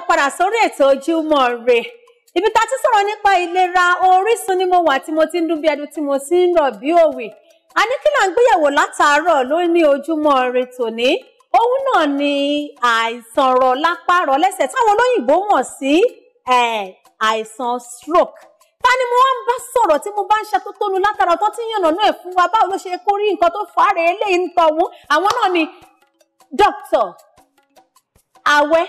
tó padà sórí ètò ojúmọ́ rè ibi tá a ti sọ̀rọ̀ nípa ìlera orísun ni mo wà tí mo ti ń dún bí ẹdun tí mo ti ń rọ̀ bí òwe a ní kí là ń gbéyẹ̀wò látàárọ̀ ló ní ojúmọ́ rè tòní òun náà ni àìsàn rọ̀ lápá rọ̀ lẹ́sẹ̀ táwọn olóyìnbó mọ̀ sí àìsàn stroke ta ni mo wá ń bá sọ̀rọ̀ tí mo bá ń ṣàtótónu látara tó ti yànnà náà fún wa báwo ló ṣe kó rí nǹkan tó fà á rẹ̀ eléyìí ń tọ̀hún àwọn náà ni dókítà Àwẹ́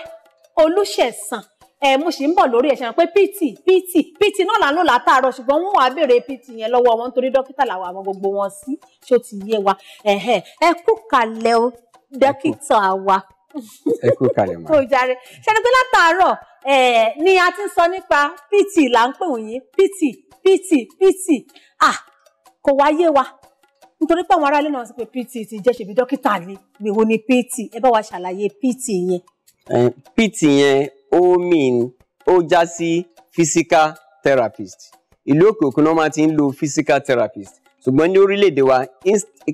olùṣẹ̀sán ẹ mo sì ń bọ̀ lórí ẹ̀ṣẹ̀ pé pt pt pt náà là ń lò látàárọ̀ ṣùgbọ́n wọn wàá béèrè pt yẹn lọ́wọ́ wọn nítorí dókítà làwọn àwọn gbogbo wọn sí ṣó ti yé wa ẹ kú kalẹ̀ o dókítà wa ẹ kú kalẹ̀ mọ́. o jàre ṣẹni pé látàárọ̀ ni a ti ń sọ nípa pt là ń pè wọ̀nyí pt pt pt ah kò wá yé wa nítorí pé àwọn aráàlú náà sọ pé pt ti jẹ́ ṣèbí dókítà ni gbèwò ni pt ẹ bá wa ṣàlàyé pt yẹn. Eh, pt yẹn ó mean ó já sí physical therapist ìlú òkè òkun náà máa ti ń lo physical therapist ṣùgbọ́n ní orílẹ̀-èdè wa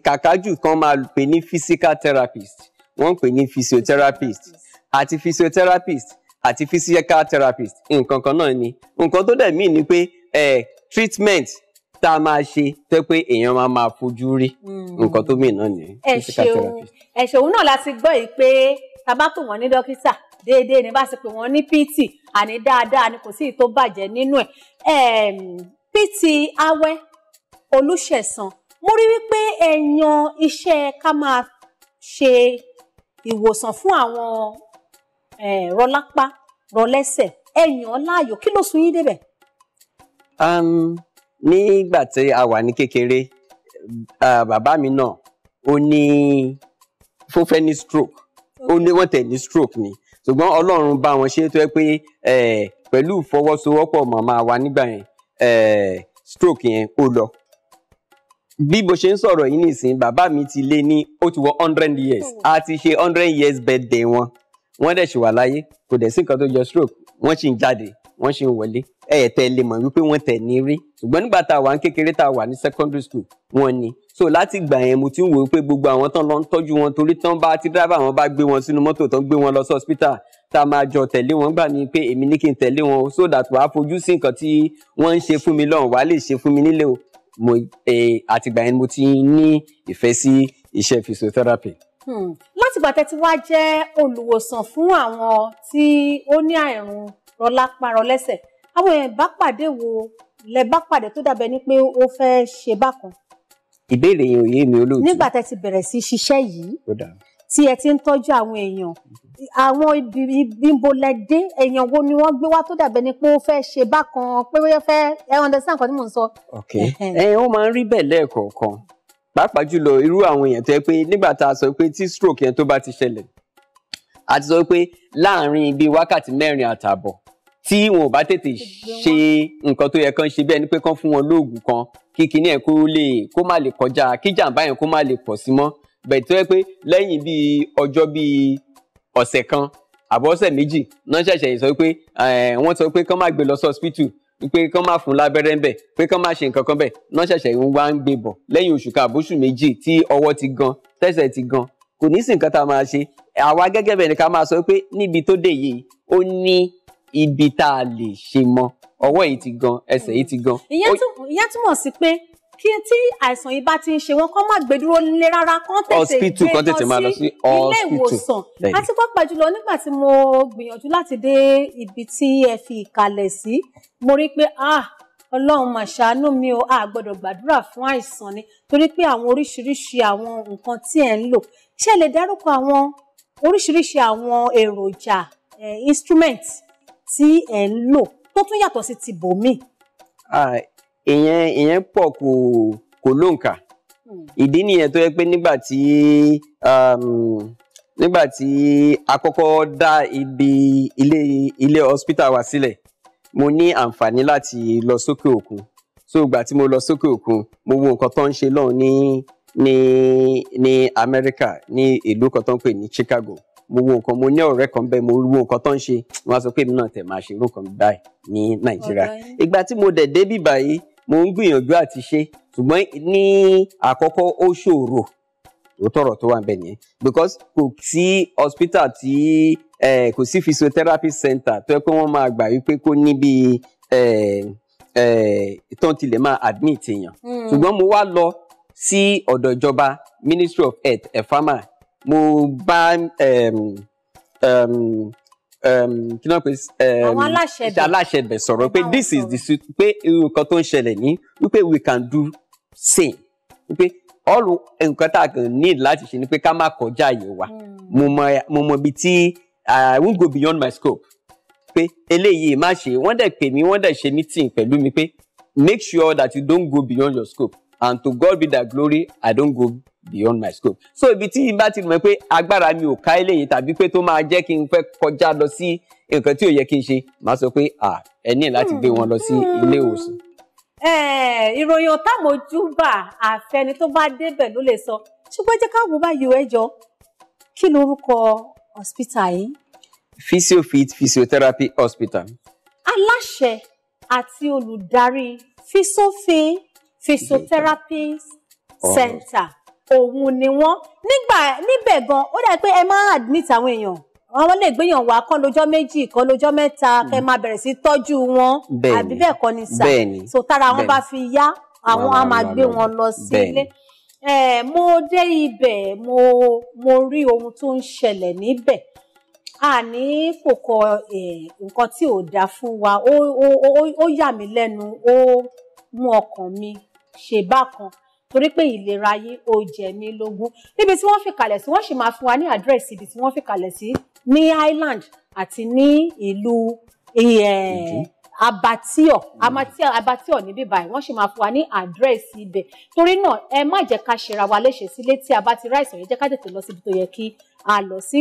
kàkájù kan máa pè ní physical therapist wọ́n ń pè ní physiotherapist àti physiotherapist àti physical therapist nǹkan kan náà ni nǹkan tó dẹ̀ míì ni pé eh, treatment tá a máa ṣe tó pé èèyàn máa máa fojú rí hmm. nǹkan tó míì ni physical therapist. ẹ ṣeun ẹ ṣeun náà láti gbọ́ yìí pé tá a bá pè wọ́n ní dókítà déédéé ní bá sì pè wọ́n ní pt àní dáadáa ni kò sí ìtò bàjẹ́ nínú ẹ̀ pt awẹ́ olùṣẹ̀san mo rí wípé ẹ̀yàn iṣẹ́ ká máa ṣe ìwòsàn fún àwọn rọlápá rọlẹ́sẹ̀ ẹ̀yàn láàyò kí ló sún yín débẹ̀. nígbà tí a wà ní kékeré bàbá mi náà ó ní fúnfẹ́ ní stroke ó ní wọ́n tẹ̀ stroke ni ṣùgbọ́n Ọlọ́run bá wọn ṣe tó yẹ pé pẹ̀lú ìfọwọ́sowọ́pọ̀ màmá wa nígbà yẹn stroke yẹn ó lọ bí mo ṣe ń sọ̀rọ̀ yìí nìsín bàbá mi ti lé ní ó ti wọ hundred years a ti ṣe hundred years birthday wọn wọ́n dẹ̀ ṣì wà láyé kò dẹ̀ sí nǹkan tó jọ stroke wọ́n ṣì ń jáde wọ́n ṣì ń wọlé ẹ̀yẹ̀ tẹ́ lè mọ̀ wípé wọ́n tẹ̀ ní rí ṣùgbọ́n nígbà tá a wà ní kékeré tá a wà ní secondary school wọ́n ní so láti gbà yẹn mo ti ń wò ó pé gbogbo àwọn tán lọ ń tọ́jú wọn torí tán bá ti dábàá wọn bá gbé wọn sínú mọ́tò tán gbé wọn lọ sí hospital tá a máa jọ tẹ̀lé wọn gbà ní pé èmi ní kí n tẹ̀lé wọn so that wàá fojú sí nǹkan tí wọ́n ń ṣe fún mi lọ́hùn wàá lè ṣe fún mi nílé o mo àtìgbà yẹn mo ti ní ìfẹ́ sí iṣẹ́ physiotherapy hmm. látìgbà tẹ́ ti wá jẹ́ olùwòsàn fún àwọn tí ó ní àìrùn rọlápá àwọn èèyàn bá pàdé wo lẹ bá pàdé tó dàbẹ ni pé ó fẹ́ ṣe bákan. ìbéèrè yẹn ò yé mi olóòtú. nígbà tẹ ti bẹ̀rẹ̀ sí ṣiṣẹ́ yìí tí ẹ ti ń tọ́jú àwọn èèyàn àwọn ìbímbolẹ́dé èèyàn wo ni wọ́n gbé wá tó dàbẹ̀ ni pé ó fẹ́ ṣe bákan pé ó fẹ́ ẹ understand nǹkan tí mò ń sọ. ok ẹ ó máa ń rí bẹ́ẹ̀ lẹ́ẹ̀kọ̀ọ̀kan pàápàá jùlọ irú àwọn èèyàn tó yẹ pé nígbà tá a sọ pé tí stroke yẹn tó bá ti ṣẹlẹ̀ a ti sọ pé láàárín bíi wákàtí mẹ́rin àtààbọ̀ tí wọn ò bá tètè ṣe nǹkan tó yẹ kán ṣe bẹ́ẹ̀ ni pé kán fún wọn lóògùn kan kí kinní ẹ̀ kó lè kó má lè kọjá kí jàǹbá yẹn kó má lè pọ̀ sí mọ́ bẹ́ẹ̀ tó yẹ pé lẹ́yìn bíi ọjọ́ bíi ọ̀sẹ̀ kan àbọ̀ ọ̀sẹ̀ méjì náà ṣẹ̀ṣẹ̀ sọ pé wọ́n sọ pé kán má gbé lọ sí hospital pé kán má fún lábẹ́rẹ́ ń pé kán má ṣe nǹkan kan bẹ̀ náà ṣẹ̀ṣẹ̀ wá ń gbé bọ̀ ni ká máa sọ ibi tá a lè ṣe mọ́ ọwọ́ yìí ti gan ẹsẹ̀ yìí ti gan. ìyẹn túmọ̀ sí pé kí tí àìsàn yìí bá ti ń ṣe wọn kó má gbé dúró rárá kán tètè gbé lọ sí ilé ìwòsàn àti pápá jùlọ nígbà tí mo gbìyànjú láti dé ibi tí ẹ fi ìkàlẹ̀ sí mo rí pé ah ọlọ́run mà ṣàánú mi o a gbọ́dọ̀ gbàdúrà fún àìsàn ni torí pé àwọn oríṣiríṣi àwọn nǹkan tí ẹ̀ ń lò ṣé lè dárúkọ àwọn oríṣiríṣi àwọn èròjà eh, instrument tí ẹ̀ ń lò tó tún yàtọ̀ sí ti bòmíì. ìyẹn ìyẹn pọ̀ kò kò lóǹkà hmm. ìdí nìyẹn tó yẹ pé nígbà tí um, nígbà tí a dá ibi ilé ilé hospital wa sílẹ̀ mo ní àǹfààní láti lọ sókè òkun so ìgbà tí mo lọ sókè òkun mo wo nǹkan tó ń ṣe lọ́hùn ní ní ní Amẹ́ríkà ní ìlú kan tó ń pè ní Chicago mo wo nǹkan mo ní ọ̀rẹ́ kan bẹ́ẹ̀ mo wo nǹkan tó ń ṣe wọ́n á sọ pé èmi náà tẹ̀ máa ṣe irú kan báyìí ní nàìjíríà ìgbà tí mo dẹ̀ débì báyìí mo ń gbìyànjú àti ṣe ṣùgbọ́n ní àkọ́kọ́ ó ṣòro ó tọrọ tó wà ń nìyẹn because kò sí hospital tí kò sí physiotherapy center tó yẹ pé wọ́n máa gbà wípé kó ní bíi tán tilẹ̀ máa admit èèyàn hmm. ṣùgbọ́n mo wá lọ sí ọ̀dọ̀ ìjọba ministry of health ẹ̀fámà mo bá kí náà pé aláṣẹ bẹ̀ sọ̀rọ̀ pé this is the pé irú nǹkan tó ń ṣẹlẹ̀ ní wípé we can do same wípé all nǹkan tá a kàn need láti ṣe ni pé ká má kọjá àyè wa hmm. mo mọ ibi tí I won't go beyond my scope pé eléyìí má ṣe wọ́n dẹ̀ pè mí wọ́n dẹ̀ ṣe meeting pẹ̀lú mi pé make sure that you don't go beyond your scope and to God be the glory I don't go beyond my scope so ibi tí n bá ti mọ̀ pé agbára mi ò ká eléyìí tàbí pé tó máa jẹ́ kí n fẹ́ kọjá lọ sí nǹkan tí ò yẹ kí n ṣe màá sọ pé à ẹ ní láti gbé wọn lọ sí ilé ìwòsàn. ìròyìn ọ̀tá mojúbà àfẹni tó bá débẹ̀ ló lè sọ ṣùgbọ́n jẹ́ káwọn bá yọ ẹjọ́ kí lorúkọ hospital yìí. physiofit physiotherapy hospital. aláṣẹ àti olùdarí physiofit physiotherapy center. Oh òun ni wọ́n nígbà níbẹ̀ gan ó dà pé ẹ máa admit àwọn èèyàn àwọn lè gbéyàn wá kán lọ́jọ́ méjì kán lọ́jọ́ mẹ́ta mm. kẹ́ máa bẹ̀rẹ̀ sí tọ́jú wọn àbí bẹ́ẹ̀ kọ́ ni sà so tára wọn bá fi yá àwọn á máa gbé wọn lọ sí ilé mo dé ibẹ̀ mo mo rí ohun tó ń ṣẹlẹ̀ níbẹ̀ àní kò kọ nǹkan tí ò dáa fún wa ó yà mí lẹ́nu ó mú ọkàn mi ṣe bákan torí pé ìlera yín ó jẹ mí lógún níbi tí wọ́n fi kalẹ̀ sí wọ́n sì máa fún wa ní àdírẹ́sì ibi tí wọ́n fi kalẹ̀ sí ní Island àti ní ìlú mm. Abattoir Abattoir níbí báyìí wọ́n sì máa fún wa ní àdírẹ́sì ibẹ̀ torí náà ẹ má jẹ́ ká ṣera wa léṣe sílé tí a bá ti ráìsàn yẹn jẹ́ ká tètè lọ síbi tó yẹ kí a lọ sí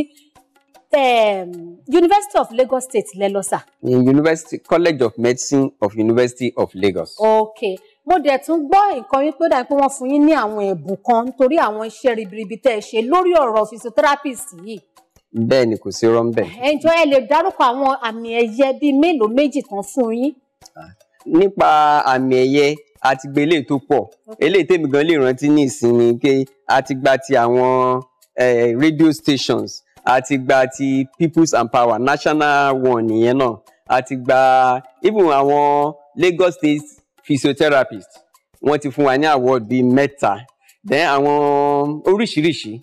um, University of Lagos State lẹ lọ sà. University College of Medicine of University of Lagos. okay mo dẹ̀ tún gbọ́ nǹkan yín pé dàbí pé wọ́n fún yín ní àwọn ẹ̀bùn kan nítorí àwọn iṣẹ́ ribiribi tẹ́ ẹ ṣe lórí ọ̀rọ̀ physiotherapist yìí. bẹ́ẹ̀ ni kò sí rán bẹ́ẹ̀. ẹ lè dárúkọ àwọn àmì ẹ̀yẹ bíi mélòó méjì kan fún yín. nípa àmì ẹ̀yẹ a ti gbé eléyìí tó pọ̀ eléyìí tèmi gan lè rántí ní ìsinmi pé a ti gba ti àwọn radio stations a ti gba ti Peoples and Power national one nìyẹn náà a ti gba even àwọn Lagos State physiotherapist wọ́n ti fún wa ní award bíi mẹ́ta then àwọn oríṣiríṣi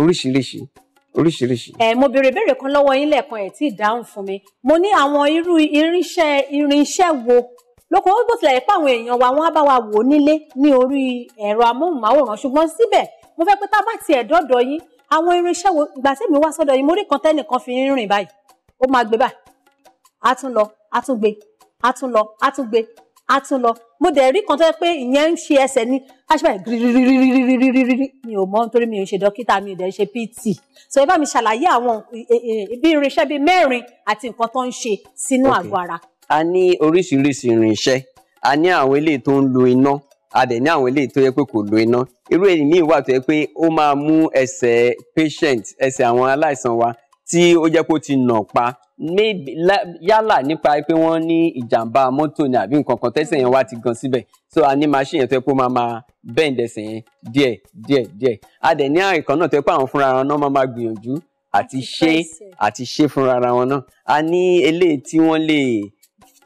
oríṣiríṣi oríṣiríṣi. ẹ mo béèrè ìbéèrè kan lọ́wọ́ yín lẹ́ẹ̀kan ẹ tí ì dáhùn fún mi mo ní àwọn irú irinṣẹ́ irinṣẹ́ wo lóko ó bó tilẹ̀ pé àwọn èèyàn wa wọ́n á bá wa wò ó nílé ní orí ẹ̀rọ amóhùnmáwòrán ṣùgbọ́n síbẹ̀ mo fẹ́ pé tá a bá tiẹ̀ dọ́dọ̀ yín àwọn irinṣẹ́ wo ìgbà tí mi wá sọ́dọ̀ yín mo rí kan tẹ́nìkan fi ń rìn báyìí ó máa gbé báyìí á tún lọ á tún gbé á tún lọ á tún gbé á tún lọ mo dẹ̀ rí kan tó yẹ pé ìyẹn ń ṣe ẹsẹ̀ ní aṣọ́bàá gírírírírírírírí mi ò mọ̀ nítorí mi ò ṣe dókítà mi ò dẹ̀ ṣe pt so ẹ bá mi ṣàlàyé àwọn e, e, e, bí irinṣẹ́ bíi mẹ́rin àti nǹkan tó ń ṣe sínú àgọ́ ara. a ní oríṣiríṣi irinṣẹ́ a ní àwọn eléyìí tó ń lo iná a dẹ̀ ní àwọn eléyìí tó yẹ pé kò lo iná irú èyí míì wà tó yẹ pé ó máa mú ẹsẹ̀ patient ẹsẹ̀ àwọn aláìsàn wa tí ó jẹ́ kó ti nà pa yálà nípa pé wọ́n ní ìjàmbá mọ́tò ni àbí nǹkan kan tẹ́sẹ̀ yẹn wá ti gan síbẹ̀ so a ní machine yẹn tó yẹ kó máa máa bend ẹsẹ̀ yẹn díẹ̀ díẹ̀ díẹ̀ a dẹ̀ ní àrùn kan náà tó yẹ pé àwọn fúnra wọn náà máa máa gbìyànjú àti ṣe àti ṣe fúnra ara wọn náà a ní eléyìí tí wọ́n lè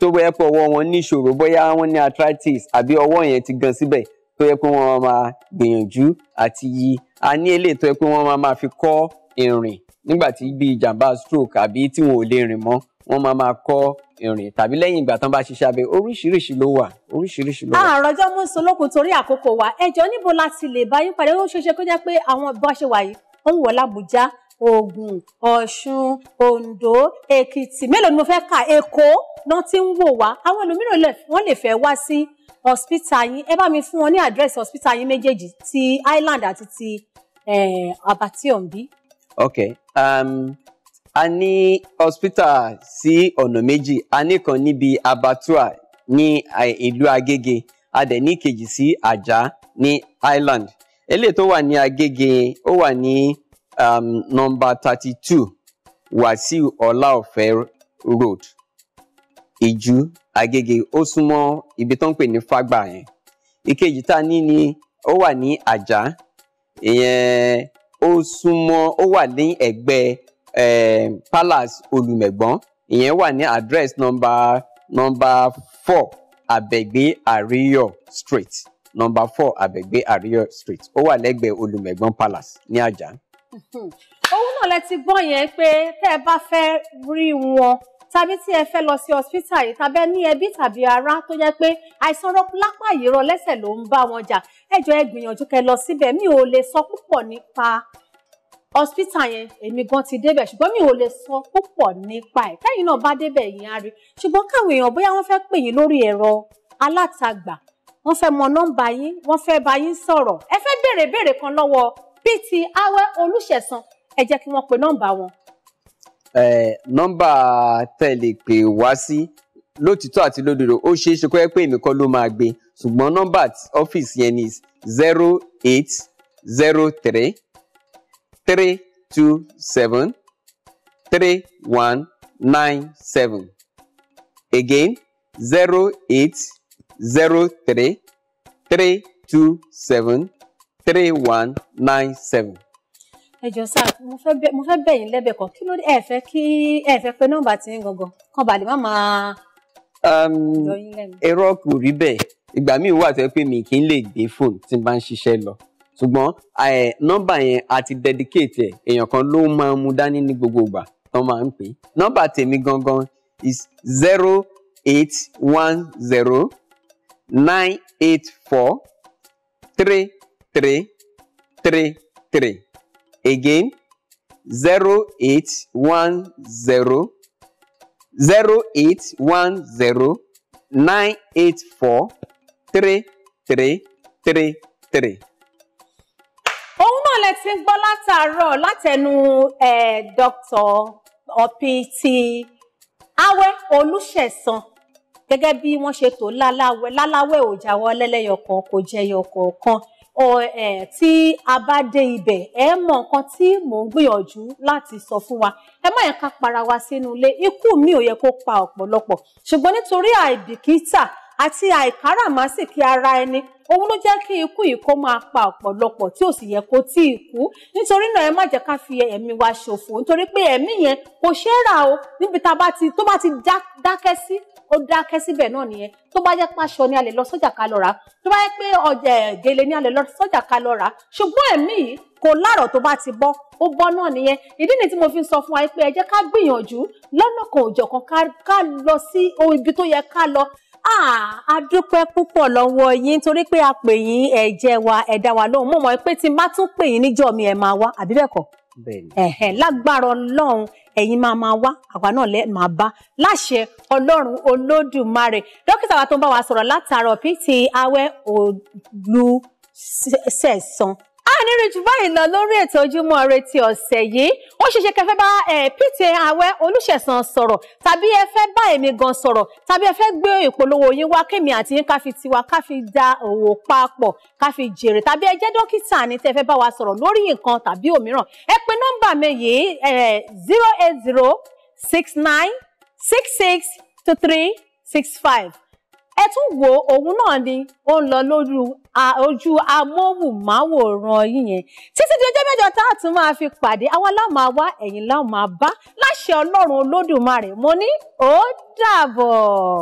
tó bóyá pé ọwọ́ wọn ní ìṣòro bóyá wọ́n ní arthritis àbí ọwọ́ yẹn ti gan síbẹ̀ tó yẹ pé wọ́n máa gbìyànjú àti yí a ní eléyìí tó yẹ pé wọ́n máa máa fi kọ́ ìrìn nígbà tí bí ìjàmbá stroke àbí tí wọn ò lè rìn mọ́ wọ́n máa máa kọ́ ìrìn tàbí lẹ́yìn ìgbà tán bá ṣiṣẹ́ abẹ oríṣiríṣi ló wà oríṣiríṣi ló wà. àròjọ mú solóko torí àkókò wa ẹjọ níbo la ti lè bá yín pàdé ó ṣeéṣe kó jẹ́ pé àwọn bá ṣe wà yìí ó ń wọ làbújá Ògùn Ọ̀ṣun Oǹdó Èkìtì mélòó ni mo fẹ́ kà Èkó náà ti ń wò wá àwọn ẹlòmíràn wọ́n lè fẹ́ wá sí hospital yín ẹ bá mi fún wọn ní àdírẹ́sì hospital yín méjèèjì ti Island àti ti eh, Abatiombi. Okay, um, a ní hospital sí ọ̀nà méjì a ní kan níbi abatua ní ìlú Agége a dẹ̀ ní kejì sí Àjà ní Island eléyìí tó wà ní Agége ó wà ní um, nọ́mbà thirty two Wàsíù Ọláọ̀fẹ́ road Ìjú Agége ó súnmọ́ ibi tó ń pè ní Fágbà yẹn ìkejì tá a ní ni ó wà ní Àjà ìyẹn ó súnmọ́ ó wà ní ẹ̀gbẹ́ eh, palace olùmẹ̀gbọ́n ìyẹn wà ní address number number four abẹ́gbé àríyọ̀ street number four abẹ́gbé àríyọ̀ street ó wà lẹ́gbẹ̀ẹ́ olùmẹ̀gbọ́n palace ní àjà. òun náà lẹ ti gbọ́ yẹn pé tẹ́ ẹ bá fẹ́ rí wọn tàbí tí ẹ fẹ́ lọ sí hospital yìí tàbí ní ẹbí tàbí ará tó jẹ́ pé àìsàn lápá ìrọ lẹ́sẹ̀ ló ń bá wọn jà ẹ jọ̀ọ́ ẹ gbìyànjú kẹ́ lọ síbẹ̀ mi ò lè sọ púpọ̀ nípa hospital yẹn èmi gan ti débẹ̀ ṣùgbọ́n mi ò lè sọ púpọ̀ nípa ẹ̀ tẹ́yìn náà bá débẹ̀ yín á rí ṣùgbọ́n káwọn èèyàn bóyá wọ́n fẹ́ pè yín lórí ẹ̀rọ alátagbà wọ́n fẹ́ mọ nọ́mbà yín wọ́n fẹ́ bá yín sọ̀rọ̀ ẹ fẹ́ béèrè béèrè kan lọ́wọ́ pt awẹ́ olùṣẹ̀san ẹ jẹ́ kí wọ́n pe nọ́mbà wọn nọ́mbà tẹ̀lé pè wá sí lótìtọ́ àti lódodo ó ṣeé ṣe kó yẹ pé èmi kọ́ ló máa gbé ṣùgbọ́n nọ́mbà ọ́fíìsì yẹn ni zero eight zero three three two seven three one nine seven again zero eight zero three three two seven three one nine seven ẹjọ sáà mo fẹ́ bẹ̀ yín lẹ́bẹ̀ kan kí ló ẹ fẹ́ kí ẹ fẹ́ pé nọ́mbà tí ń gangan kan bá lè má máa. kò rí bẹ́ẹ̀ ìgbà míì wà tó yẹ pé mi kì í lè gbé fóònù tí n bá ń ṣiṣẹ́ lọ ṣùgbọ́n nọ́mbà yẹn a ti dedicate ẹ̀ èèyàn kan ló máa ń mu dání ní gbogbo ìgbà tán máa ń pè é nọ́mbà tèmi gangan is zero eight one zero nine eight four three three three three. Again, 0810 0810 984 3333 òun náà lẹ ti ń gbọ́ látàárọ̀ látẹnu dr ọ̀pìtì awẹ́ olùṣẹ̀san gẹ́gẹ́ bí wọ́n ṣe tò láláwẹ́ láláwẹ́ ò jáwọ́ lẹ́lẹ́yọ̀kọ̀ kò jẹyọ̀ kọ̀ọ̀kan tí a bá dé ibẹ̀ ẹ mọ nǹkan tí mò ń gbìyànjú láti sọ fún wa ẹ má yẹn ká para wa sínú ilé ikú mi ò yẹ kó pa ọ̀pọ̀lọpọ̀ ṣùgbọ́n nítorí àìbìkítà àti àìkáràmásìkí ara ẹni òun ló jẹ́ kí ikú yìí kó máa pa ọ̀pọ̀lọpọ̀ tí ò sì yẹ kó tí ì kú nítorí náà ẹ má jẹ́ ká fi ẹ̀mí wa ṣòfò nítorí pé ẹ̀mí yẹn kò ṣe é rà o níbi tá a bá ti tó bá ti dákẹ́ sí ó dákẹ́ síbẹ̀ náà nìyẹn tó bá jẹ́ páṣọ ni a lè lọ sọ́jà ká lọ rà tó bá jẹ́ pé ọjà gèlè ni a lè lọ sọ́jà ká lọ rà ṣùgbọ́n ẹ̀mí yìí kò láàrọ̀ tó bá ti bọ́ ó bọ́ náà nìyẹn ìdí ni tí mo fi sọ fún wa pé ẹ jẹ́ ká gbìyànjú lọ́nà kan òjọ̀kan ká lọ sí ibi tó yẹ ká lọ Ah, a dúpẹ́ púpọ̀ lọ́wọ́ yín torí pé a pè yín ẹ jẹ́ wa ẹ dá wa lóhùn mo mọ̀ pé tí n bá tún pè yín níjọ́ mi ẹ máa wá àbí bẹ́ẹ̀ kọ́ ẹ̀hẹ̀n lágbára ọlọ́run ẹ̀yin máa máa wá àwa náà lẹ́ máa bá láṣẹ ọlọ́run olódùmarè dókítà wa tó ń bá wa sọ̀rọ̀ látàárọ̀ pt awẹ́ olùsẹ̀sán nírìn jù báyìí lọ lórí ètò ojúmọ́ ire ti ọ̀sẹ̀ yìí ó ṣeéṣe kẹfẹ bá Peter Awẹ Olúṣẹ̀san sọ̀rọ̀ tàbí ẹ fẹ́ bá èmi gan sọ̀rọ̀ tàbí ẹ fẹ́ gbé ìpolówó yín wá kémi àti yín ká fi tiwa ká fi da òwò papọ̀ ká fi jèrè tàbí ẹ jẹ́ dókítà ní tẹ́ fẹ́ bá wa sọ̀rọ̀ lórí nǹkan tàbí òmíràn ẹ pe nọ́mbà mi yìí zero eight zero six nine six six two three six five ẹ tún wo òun náà ni ó ń lọ lójú ojú amóhùnmáwòrán yín yẹn títí di ọjọ́ mẹ́jọ tá a tún máa fi pàdé àwa la máa wá ẹ̀yin la máa bá láṣẹ ọlọ́run olódùmarè mo ní ó dàbọ̀.